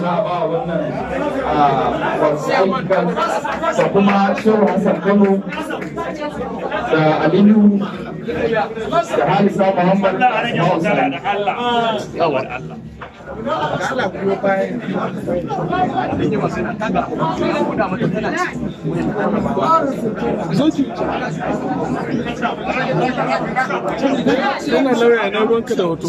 za ba wannan da kuma shehu hassan kano da aliyu da halisa muhammad da Allah Allah kuma bayan yana lauya na ruwanka da hoto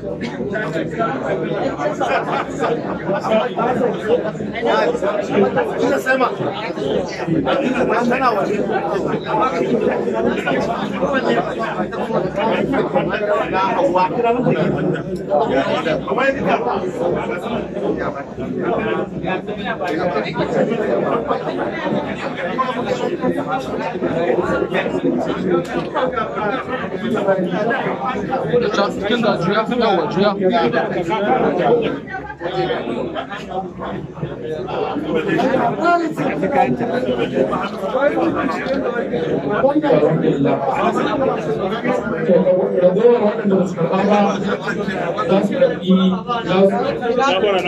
Just, just, you have to yawa juya ragowar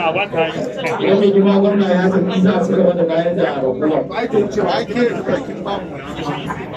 waɗanda ba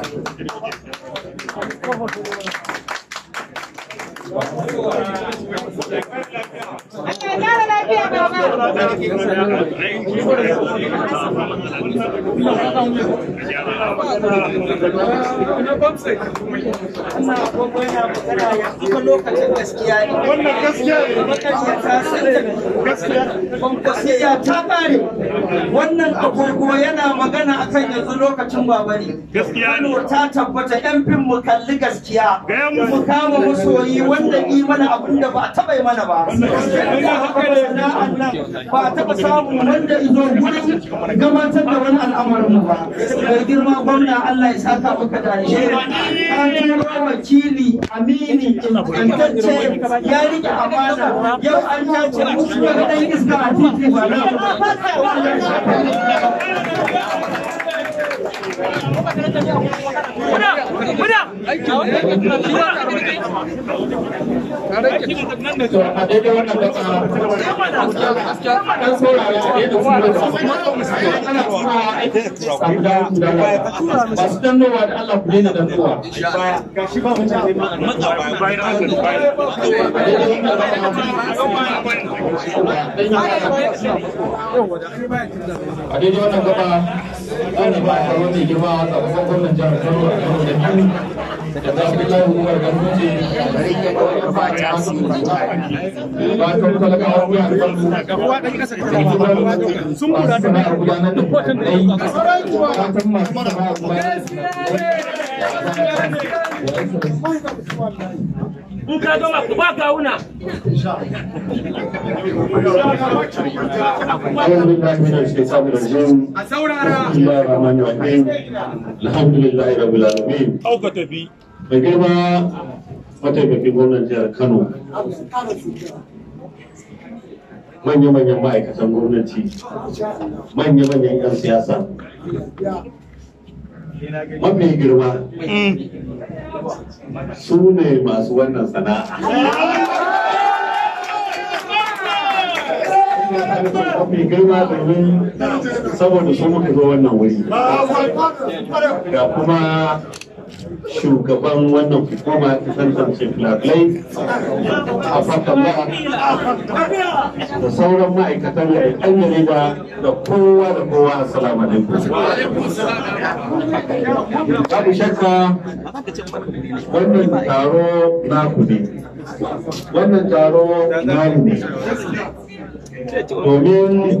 Thank you. kara lafiya baba. Wannan gaskiya ne. Gaskiya. Gaskiya ta kare. Wannan agogo yana magana akan yanzu lokacin babari. ne. Gaskiya ne. ta tabbata yan fin mu kalli gaskiya. Mu kama masoyi wanda yi mana abin da ba a taɓa yi mana ba. aka rena ba a taɓa samun wanda ya zo wurin gabatar da wani al'amarin ba mai girma gwamna Allah ya saka maka da shi an turo wakili amini ingantacce ya rike amana yau an tace musu wani ɗan iska a titi ba na ba a daidai wannan gaba a da baya ka tura na daidai wannan gaba ana ba a wani girma a tsakanin gwamnan jihar Kano Kano da da zafilar hukumar ganduje garin ya ɗauka ba ta ba ta talakawa wuya da kansu sun kula da gudanar da kwatan da yi fatan masu sana'a kuma in ka gama ku ba kawuna a saurara alhamdulillah rabbil alamin au tafi mai girma mataimakin gwamnan jihar kano manya-manyan ma'aikatan gwamnati manya-manyan 'yan siyasa mafi girma su ne masu wannan sana'a mafi girma domin saboda su muka zo wannan wuri ga kuma shugaban wannan hukuma ta tantance filafiai a fatalla da sauran ma'aikatan da ɗan jarida da kowa da kowa assalamu alaikum babu shakka wannan taro ku ne wannan taro naku ne domin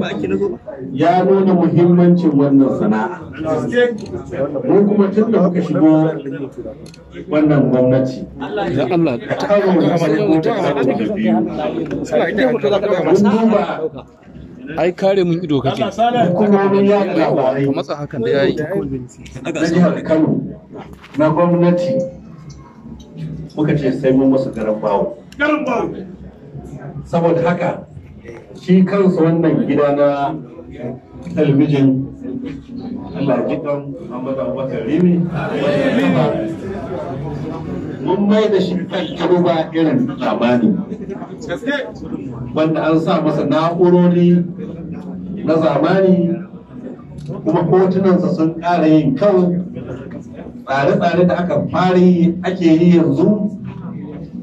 ya nuna muhimmancin wannan sana'a mu kuma tun da muka shigo wannan gwamnati ta kawo mu shigo ta da biyu ai kare mun ido kake hukumomin yaƙi ka matsa hakan da yayi na jihar kano na gwamnati muka ce sai mun musu garan bawo garan bawo saboda haka shi kansa wannan gida na talbijin Allah ji kan Rimi mun mai da shi kan ba irin zamani wanda an sa masa na'urori na zamani kuma hotunansa sun ƙara yin kyau tsare-tsare da aka fara yi ake yi yanzu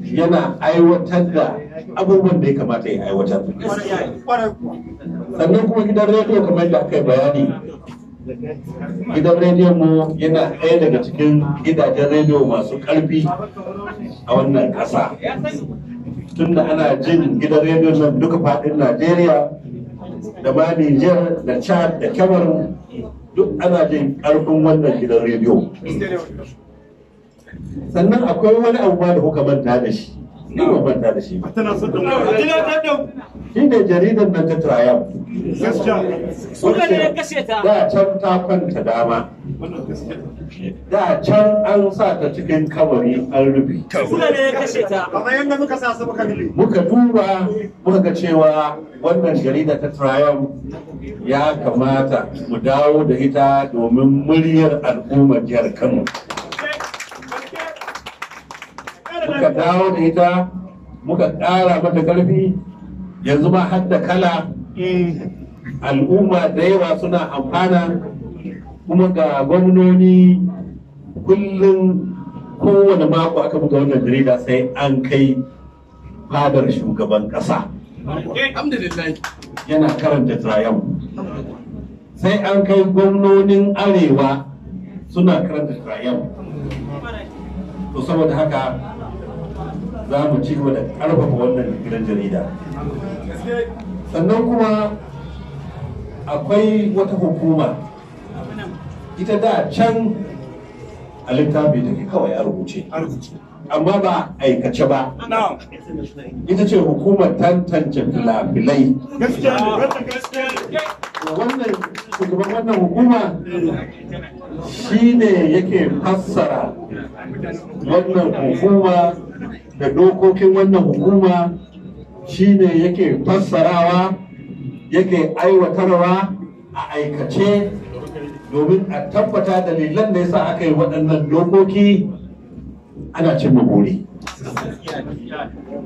yana aiwatar da abubuwan da ya kamata ya aiwatar sannan kuma gidan rediyo kamar da aka yi bayani gidan rediyon mu yana ɗaya daga cikin gidajen rediyo masu ƙarfi a wannan ƙasa tunda ana jin gidan rediyo nan duka faɗin najeriya da ma niger da chad da cameroon duk ana jin ƙarfin wannan gidan rediyo sannan akwai wani abu da kuka manta da shi ni ban manta da shi ba tana son dan a tana dan dan shi ne jaridar nan ta triumph gaskiya suka ne kashe ta da can ta kwanta dama da can an sa ta cikin kabari an rufe da ne kashe ta kamar yanda muka sa su muka rufe muka duba muka ga cewa wannan jarida ta triumph ya kamata mu dawo da ita domin muryar al'ummar jihar Kano muka dawo da ita muka ƙara mata ƙarfi yanzu ma har da kala al'umma da yawa suna amfana kuma ga gwamnoni kullum kowane mako aka buga wannan jarida sai an kai fadar shugaban ƙasa yana karanta tsayen sai an kai gwamnonin arewa suna karanta tsayen to saboda haka za mu ci gaba da ƙarfafa wannan gidan jarida sannan kuma akwai wata hukuma ita da can a littafi take kawai a rubuce amma ba aikace ba ita ce hukumar tantance filafilai wannan wannan hukuma shi ne yake fassara wannan hukuma da dokokin wannan hukuma shine yake fassarawa yake aiwatarwa a aikace domin a tabbata dalilan da yasa aka yi waɗannan dokoki ana cin buri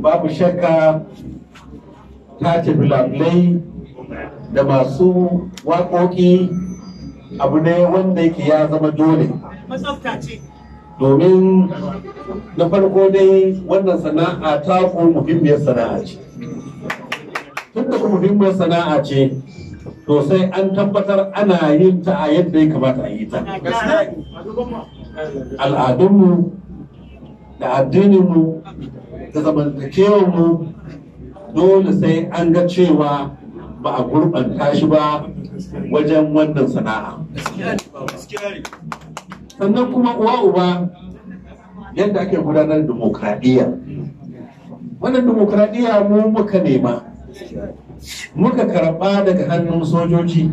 babu shakka ta ce labulai da masu waƙoƙi abu ne wanda yake ya zama dole domin na farko dai wannan sana'a ta ko muhimmiyar sana'a ce tun da muhimmiyar sana'a ce to sai an tabbatar ana yin ta a yadda ya kamata a yi ta al'adunmu da addininmu da zamantakewarmu dole sai an ga cewa ba a gurɓanta shi ba wajen wannan sana'a sannan kuma uwa uba yadda ake gudanar demokradiyya wannan demokradiyya mu muka nema muka karɓa daga hannun sojoji